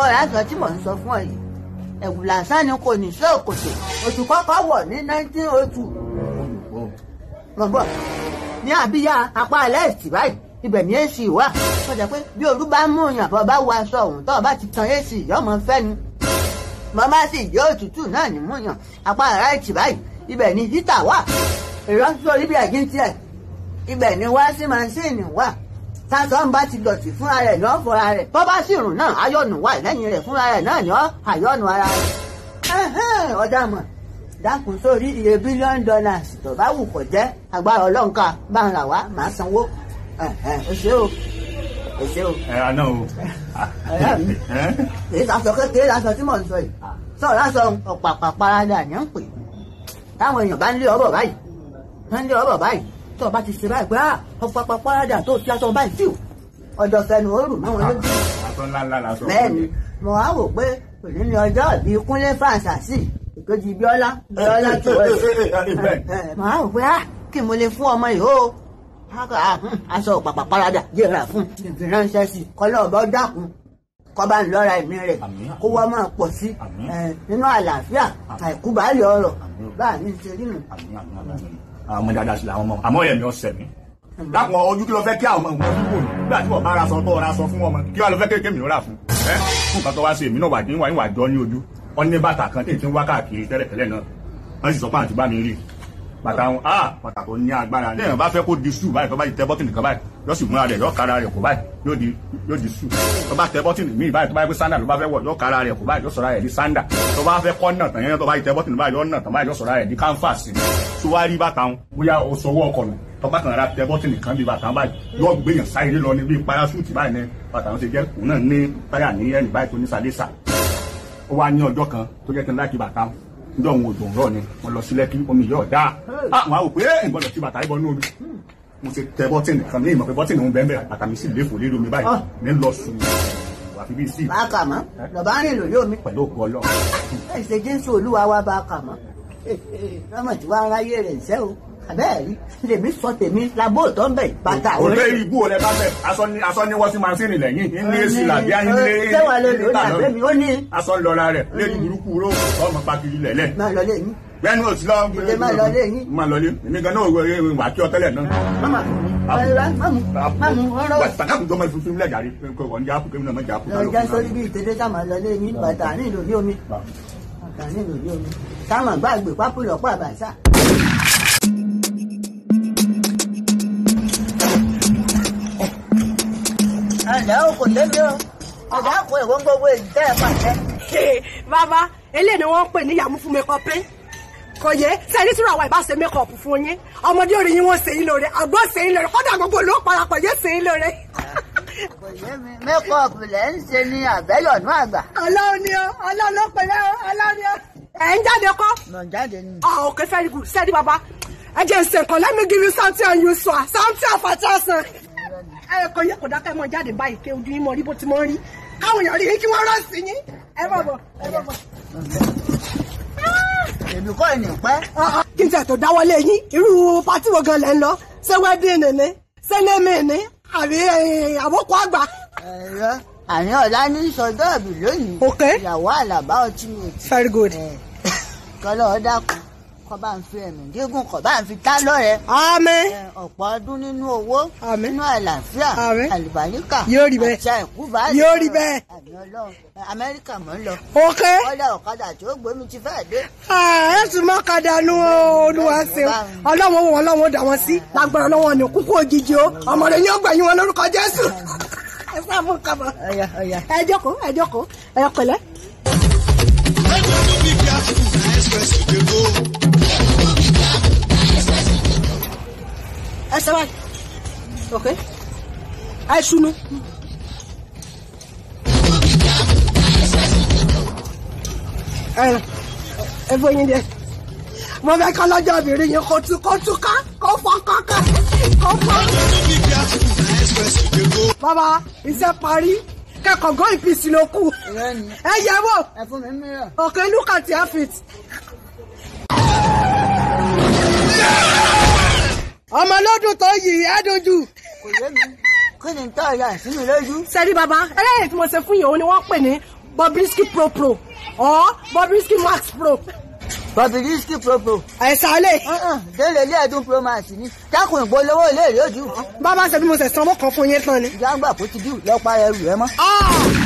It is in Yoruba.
sọ̀rọ̀ àgbà tí mò ń sọ fún ọ yìí ẹ̀wù lásán ni kò ní sí òkòtò oṣù kọ́kọ́ wọ̀ ní 1902 rọ̀bọ̀ ní àbíyá apá lẹ́ẹ̀sì báyìí ibẹ̀ ní èsì wà wọ́n jẹ́ pé bí olú bá mú yàn bọ́ bá wọ aṣọ òun tó bá ti tan èsì yọmọ fẹ́ni bọ́ bá sì yọ òtútù náà ní mú yàn apá ráìtì báyìí ibẹ̀ ní hítà wà ìrọ́sórí bí ẹ̀gín tiẹ̀ ibẹ̀ ní wáṣí máṣíìnì wà tásán bá ti dọ̀tí fúnra rẹ̀ ni ó rẹ̀ bọ́ bá sì rùn náà ayọ̀nù wà lẹ́yìn rẹ̀ fúnra rẹ̀ náà ni ayọ̀nù ara rẹ̀. ọ̀dà mọ̀ dákun sórí iye bílíọ̀nù dọ́là tó wù kó jẹ́ agbára ọlọ́ǹkà bá ń rà wá màá sanwó. o o o o. ẹ àná o. èyí sàṣọ kékeré lásán tí mò ń sọ yìí sọ̀rọ̀ lásán ọ̀pàpà paradà ni ń pè táwọn èèyàn bá ń lé ọ̀bọ̀ báyìí tó o bá ti ṣe báyìí pé ah, ọ̀pọ̀ àpapọ̀ rádà tó o ti aṣọ báyìí fíù ọ̀dọ̀ fẹnu oorun máwọn lójú. bẹ́ẹ̀ni mo wá wò pé òní ni ọjọ́ ìbí kúnlé fàǹsàsì ìkejì bíọ́lá bíọ́lá tó o ẹ̀ mo wá wò pé ah, kí mo lè fún ọmọ yìí o ah, hmm, aṣọ òpàpà parada yẹra fún ìfiránṣẹ́ sí kọ́lọ́ ọ̀bọ dákun kọ́ba ń lọ́ra ẹ̀mí rẹ̀ kó wá máa pọ̀ sí eh, nínú àlàáfíà àìkú baálé ọ̀rọ̀ báà ní ṣe nínú. Ah, àwọn ọmọ dáadáa sì làwọn ọmọ àmọ́ ẹ̀mí ọ̀sẹ̀ mi lápò ojú kí ló fẹ́ kí àwọn ọmọ ọmọ fún òní nígbà tí wọ́n bá ra sọ tó ra sọ fún ọmọ kí wọ́n lọ fẹ́ kéèké mi ó rà fún ẹ́ fún nǹkan tó wá sí èmi náà wà ní wà ní wà jọ ní ojú ọ ní bàtà kan tí èyí ti ń wá káàkiri tẹ́lẹ̀tẹ́lẹ̀ náà wọ́n sì sọ pé àǹtí bá mi rí bàtà wọn a ah, bàtà tó ní agbára lẹ́yìn bá fẹ́ kó di sùn báyìí tó bá di tẹ bọ́tìnì kan báyìí yóò sì múra rẹ̀ yóò kára rẹ̀ kó báyìí yóò di yóò di sùn tó bá tẹ bọ́tìnì míì báyìí tó bá yẹ pé sándà ló bá fẹ́ wọ̀ yóò kára rẹ̀ kó báyìí yóò sọ̀rọ̀ rẹ̀ di sándà tó bá fẹ́ kọ́ nà tán yẹn tó bá di tẹ bọ́tìnì báyìí yóò nà tán báyìí yóò sọ̀rọ̀ rẹ̀ di kánfàsì suwari bàtà wọn bóyá o sọwọ́ ọkọ̀ nù tọ́ba kan ra tẹ bọ́tìnì kan bí bàtà báyìí yóò gbéyàn sáré lọ ní bí parasuti báyìí ní bàtà wọn ti jẹ́ njọ ń wo dùn rọ ni mo lọ sí lẹ́kí omi yóò dáa àwọn àwọn òpè ẹ̀ ń gbọ́dọ̀ tí bàtà ìbọn nóòlù mo ti tẹ bọ́tìnì kan ní ìmọ̀ pé bọ́tìnì ń bẹ́ẹ̀ bàtà mi sì léfò lérí omi báyìí mi ah. lọ sùn wà fi bí sí. bá a kà mọ́ lọ́ba rìn lórí omi. pẹ̀lú ògùn ọlọ́run. ẹ ṣe jésù olúwa wa bá a kà mọ́ ọmọ tí wàá ráyè rẹ̀ ń sẹ́ o abẹ́ẹ̀rí lèmi sọ tèmi labó tó ń bẹ̀ bàtà orí. òde ibú olè bá bẹ aṣọ ni wọ́n sí masínì lẹ́yìn ní èsì làbí ayé lé níta lọ aṣọ ńlọra rẹ lẹ́yìn mm. burúkú ró ọmọ pàkìrì lẹ̀lẹ̀. máa lọ lẹ́yìn. bẹ́ẹ̀ni o ti lọ. ìdè máa lọ lẹ́yìn. máa lọ lẹ́yìn èmi gan náà wà á kí ọ tẹ́lẹ̀ náà. máma mamu mamu ọ̀rọ̀. wà tàkà kùn jọmọ ìfúnfún lẹ jàre kò wọn jà kùn kémi náà má jà kùn. ọjà sórí bíi tètè sàmà lọ lẹ́yìn bàtà nílò ní omi bàtà nílò ní omi táwọn àgbà gbé pápú lọ́pọ̀ àbàṣà. lẹ́ o kò lébi o kò bá kó èwo ń gbogbo èyí tẹ́ ẹ pàṣẹ. bàbá eléyìí ni wọ́n ń pè ní yàmú fún makeup pé eh? kò yé sẹ́ni tí àwọn ìbáṣe makeup fún yín ọmọdé orí yín wọ́n ṣe yín lóore àgbọ̀ ṣe yín lóore kọ́dà gbogbo ló parapọ̀ yé ṣe yín lóore. kò yé mi makeup lẹ́ ń ṣe ní àbẹ́yọ̀nù àgbà. ọlọ́run ni ó ọlọ́run ló pẹ̀lẹ́ ó ọlọ́run ni ó. ẹ̀ ń jáde kọ́. mọ̀ ń jáde ni. Ah, okay very good sẹ́ni bàbá ẹ jẹ́ ń ṣe nǹkan let me give you something and you swallow something àfàtà sàn ẹ kò yẹ kò dákẹ́ mọ jáde báyìí ké ojú yín mọ rí bó ti mọ rí káwọn èèyàn rí kí wọ́n rọ̀ sí yín ẹ bọ̀ bọ̀ ẹ bọ̀ bọ̀. èmi kọ́ ẹ̀yìn pẹ́. kí n tẹ̀ tó dáwọ́lé yín irú pátí wo gan lẹ́ ń lọ ṣé wẹ́dìn ni sẹ́lẹ̀mì ni àbí àbókù àgbà. ẹ̀rọ àní ọ̀la ní sọdọ́ọ̀bì lónìí. ìyàwó àlàbá ọtí mi. very good. kọ́lọ́ ọ dákun kọ́ bá ń fi ẹ̀mí gígùn kọ́ bá ń fi tá lọ́rẹ̀. àmín. ọ̀pọ̀ ọdún nínú owó. àmín. nínú àlàáfíà. àmín. àlùbáríkà. yóò rí bẹ́ẹ̀. àṣà ìkú bá lè yóò rí bẹ́ẹ̀. àmì ọlọ́run amẹ́ríkà mọ̀ ń lọ. ok. ọ̀dà ọ̀kadà tí ó gbómi ti fẹ́ dé. ẹ sì mọ kadà nu olúwa ṣe ọlọ́wọ́ wọn ọlọ́wọ́ dà wọ́n sí lágbára lọ́wọ́ ní ẹsẹ̀ báyìí ok àìsùnú. ẹ bó yín dẹ mo fẹ́ kọ́ lọ́jọ́ obìnrin yẹn kó tú kó tú ká kó fọ́ kọ́kọ́ kó fọ́. bàbá iṣẹ́ parí kẹ́kọ̀ọ́ gọ́ ìpìsì ló kù ẹ yẹ wò òkè lukà tí a fit. ọmọ lọ́dún tó yìí adójú. kò yé mi kí ni n tọ́ ìyá ìsinmi lójú. sẹ́rí bàbá eléyìí tí mo ṣe fún yìí òun ni wọ́n pè ní Bobrisky pro pro or Bobrisky max pro bobrisky propo. ẹ̀sán ilé. délé ilé ẹ̀dùn max ni dákun ìpolówó ilé ìlú ojú. bàbá ṣe bí mo ṣe sanwó kan fún yín tán ni. ìyá ń gbà kó ti dì lọ́pàá ẹrù ẹ mọ́. Ah!